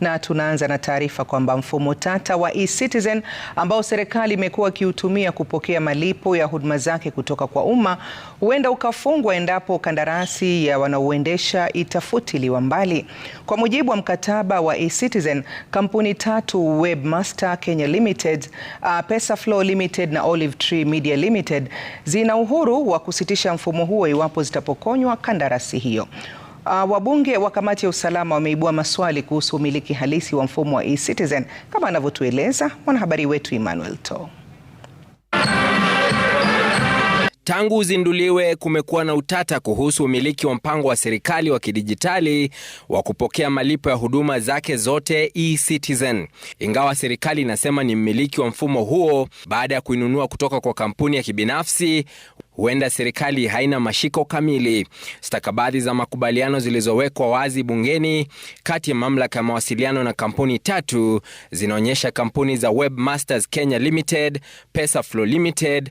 na tunaanza na taarifa kwamba mfumo tata wa eCitizen ambao serikali imekuwa ikiutumia kupokea malipo ya huduma zake kutoka kwa umma huenda ukafungwa endapo kandarasi ya wanaouendesha itafutiliwa mbali. Kwa mujibu wa mkataba wa eCitizen, kampuni tatu Webmaster Kenya Limited, uh, Pesaflow Limited na Olive Tree Media Limited zina uhuru wa kusitisha mfumo huo iwapo zitapokonywa kandarasi hiyo. Uh, wabunge wa kamati ya usalama wameibua maswali kuhusu umiliki halisi wa mfumo wa e-Citizen kama anavyotueleza mwanahabari wetu Emmanuel To. Tangu uzinduliwe kumekuwa na utata kuhusu umiliki wa mpango wa serikali wa kidijitali wa kupokea malipo ya huduma zake zote eCitizen, ingawa serikali inasema ni mmiliki wa mfumo huo baada ya kuinunua kutoka kwa kampuni ya kibinafsi. Huenda serikali haina mashiko kamili. Stakabadhi za makubaliano zilizowekwa wazi bungeni kati ya mamlaka ya mawasiliano na kampuni tatu zinaonyesha kampuni za Webmasters Kenya Limited, Pesa Flow Limited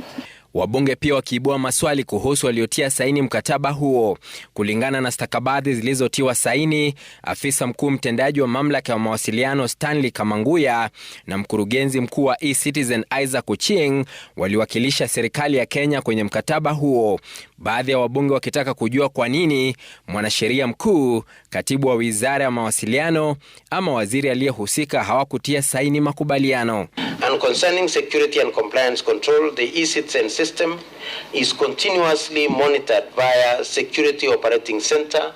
Wabunge pia wakiibua maswali kuhusu waliotia saini mkataba huo. Kulingana na stakabadhi zilizotiwa saini, afisa mkuu mtendaji wa mamlaka ya mawasiliano Stanley Kamanguya na mkurugenzi mkuu wa eCitizen Isaac Oching waliwakilisha serikali ya Kenya kwenye mkataba huo, baadhi ya wabunge wakitaka kujua kwa nini mwanasheria mkuu, katibu wa wizara ya mawasiliano ama waziri aliyehusika hawakutia saini makubaliano. concerning security and compliance control, the eCitizen system is continuously monitored via Security Operating Center,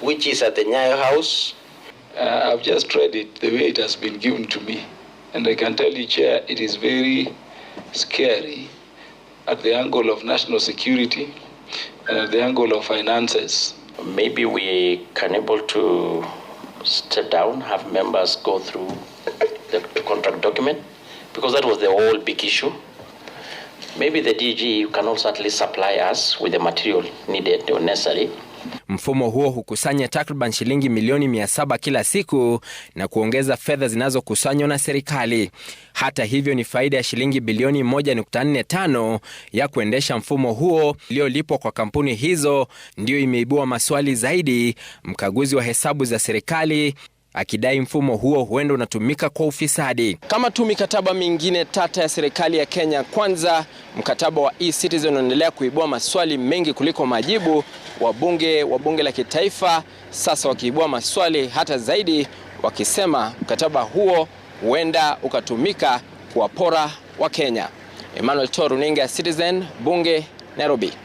which is at the Nyayo House. Uh, I've just read it the way it has been given to me. And I can tell you, Chair, it is very scary at the angle of national security and at the angle of finances. Maybe we can able to step down, have members go through the contract document. because that was the whole big issue. Maybe the DG can also at least supply us with the material needed or necessary. Mfumo huo hukusanya takriban shilingi milioni mia saba kila siku na kuongeza fedha zinazokusanywa na serikali. Hata hivyo, ni faida ya shilingi bilioni 1.45 ya kuendesha mfumo huo iliyolipwa kwa kampuni hizo ndiyo imeibua maswali zaidi, mkaguzi wa hesabu za serikali akidai mfumo huo huenda unatumika kwa ufisadi. Kama tu mikataba mingine tata ya serikali ya Kenya Kwanza, mkataba wa e-citizen unaendelea kuibua maswali mengi kuliko majibu. Wabunge wa bunge la kitaifa sasa wakiibua maswali hata zaidi, wakisema mkataba huo huenda ukatumika kuwapora wa Kenya. Emmanuel Toruninga, Citizen, bunge, Nairobi.